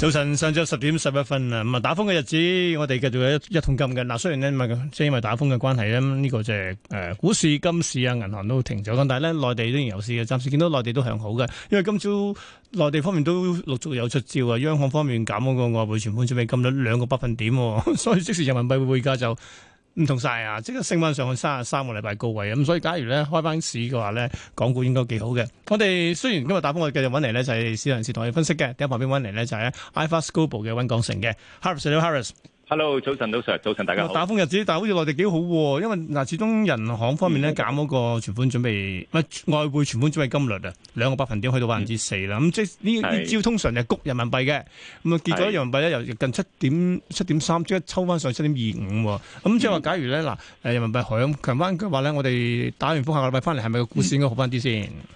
早晨，上晝十點十一分啊！咁啊，打風嘅日子，我哋繼續有一一桶金嘅。嗱、啊，雖然咧，咪即係因為打風嘅關係咧，呢、這個就係誒股市金市啊，銀行都停咗。但係咧，內地都然有市啊，暫時見到內地都向好嘅。因為今朝內地方面都陸續有出招啊，央行方面減嗰個外匯存款準備金率兩個百分點，哦，所以即時人民幣匯價就。唔同晒啊！即刻升翻上去三啊三個禮拜高位啊！咁所以假如咧，開班市嘅話咧，港股應該幾好嘅。我哋雖然今日打風，我哋繼續揾嚟咧，就係司人士同你分析嘅。第一，旁邊揾嚟咧，就係 Ivan Scoble 嘅溫鋼城嘅 Harris Sir Harris。hello，早晨，早晨，早晨，大家好。打風日子，但係好似內地幾好喎，因為嗱，始終人行方面咧減嗰個存款準備，唔、嗯、外匯存款準備金率啊，兩個百分點去到百分之四啦。咁、嗯、即係呢呢招通常係谷人民幣嘅，咁啊結咗人民幣咧由近七點七點三，即刻抽翻上七點二五。咁即係話，假如咧嗱，誒、嗯呃、人民幣響強翻嘅話咧，我哋打完風下個禮拜翻嚟係咪個股市應該好翻啲先？嗯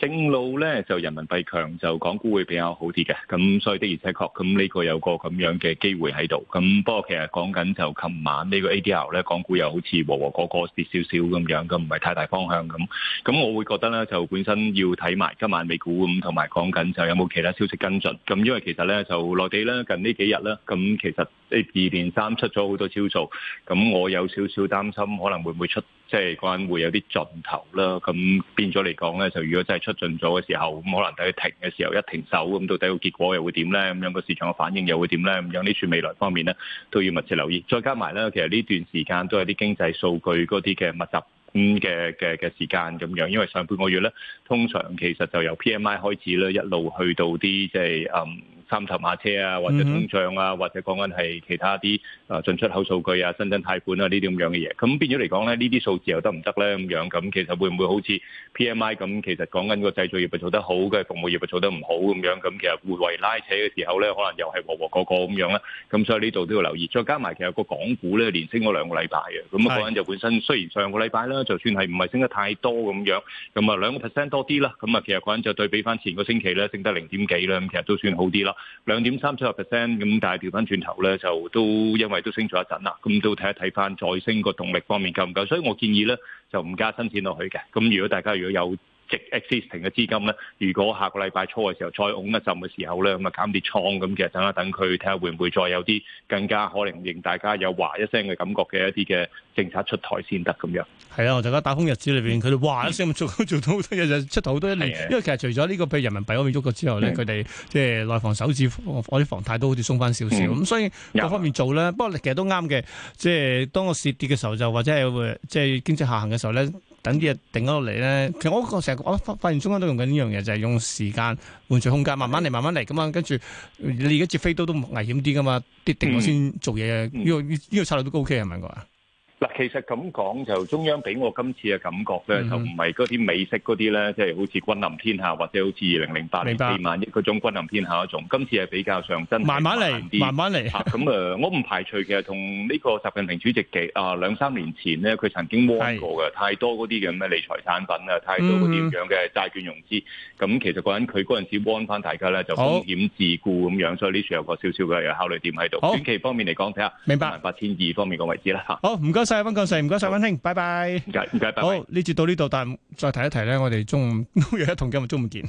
正路咧就人民幣強就港股會比較好啲嘅，咁所以的而且確咁呢個有個咁樣嘅機會喺度。咁不過其實講緊就琴晚呢個 A D L 咧，港股又好似和和個個跌少少咁樣，咁唔係太大方向咁。咁我會覺得咧就本身要睇埋今晚美股咁，同埋講緊就有冇其他消息跟進。咁因為其實咧就內地咧近呢幾日咧，咁其實誒二連三出咗好多招數，咁我有少少擔心可能會唔會出即係嗰陣會有啲盡頭啦。咁變咗嚟講咧，就如果真係，出盡咗嘅時候，咁可能等佢停嘅時候，一停手，咁到底個結果又會點咧？咁樣個市場嘅反應又會點咧？咁樣呢處未來方面咧，都要密切留意。再加埋咧，其實呢段時間都有啲經濟數據嗰啲嘅密集咁嘅嘅嘅時間咁樣，因為上半個月咧，通常其實就由 PMI 開始咧，一路去到啲即係嗯。三頭馬車啊，或者通脹啊，或者講緊係其他啲誒進出口數據啊、新增貸款啊呢啲咁樣嘅嘢，咁變咗嚟講咧，呢啲數字又得唔得咧？咁樣咁其實會唔會好似 PMI 咁？其實講緊個製造業係做得好嘅，服務業係做得唔好咁樣，咁其實互為拉扯嘅時候咧，可能又係和和嗰個咁樣咧。咁所以呢度都要留意，再加埋其實個港股咧連升咗兩個禮拜嘅，咁啊嗰陣就本身雖然上個禮拜咧就算係唔係升得太多咁樣，咁啊兩個 percent 多啲啦，咁啊其實嗰陣就對比翻前個星期咧升得零點幾啦，咁其實都算好啲啦。兩點三七個 percent 咁，但係調翻轉頭呢，就都因為都升咗一陣啦，咁都睇一睇翻再升個動力方面夠唔夠，所以我建議呢就唔加新錢落去嘅。咁如果大家如果有，即 existing 嘅資金咧，如果下個禮拜初嘅時候再湧一陣嘅時候咧，咁啊減跌倉咁，其實等一等佢睇下會唔會再有啲更加可能令大家有話一聲嘅感覺嘅一啲嘅政策出台先得咁樣。係啊，我大家打風日子裏邊，佢哋話一聲，做做到好多嘢出頭好多一年。因為其實除咗呢個譬如人民幣嗰邊郁過之後咧，佢哋即係內房手指我啲房貸都好似鬆翻少少，咁所以各方面做咧。不過其實都啱嘅，即係當我市跌嘅時候就或者係即係經濟下行嘅時候咧。等啲嘢定咗落嚟咧，其實我個成日我發現中間都用緊呢樣嘢，就係、是、用時間換住空間，慢慢嚟，慢慢嚟咁啊。跟住你而家接飛刀都危險啲噶嘛，跌定我先做嘢，呢、嗯這個呢、這個策略都 OK 係咪個？嗱，其實咁講就中央俾我今次嘅感覺咧，就唔係嗰啲美式嗰啲咧，即係好似君臨天下或者好似二零零八年四萬億嗰種君臨天下嗰種，今次係比較上真慢，慢慢嚟，慢慢嚟嚇。咁啊，嗯、我唔排除其實同呢個習近平主席嘅啊兩三年前呢，佢曾經 warn 過嘅是太多嗰啲嘅咩理財產品啊，太多啲咁樣嘅債券融資。咁、啊嗯、其實講緊佢嗰陣時 warn 返大家咧，就風險自顧咁樣，好所以呢處有個少少嘅考慮點喺度。好短期方面嚟講，睇下明白八千二方面個位置啦嚇。好，唔該。晒溫鋼城，唔該晒溫馨，好拜拜。唔該，唔該，好，呢節到呢度，但再提一提咧，我哋中午約一同今日中午見。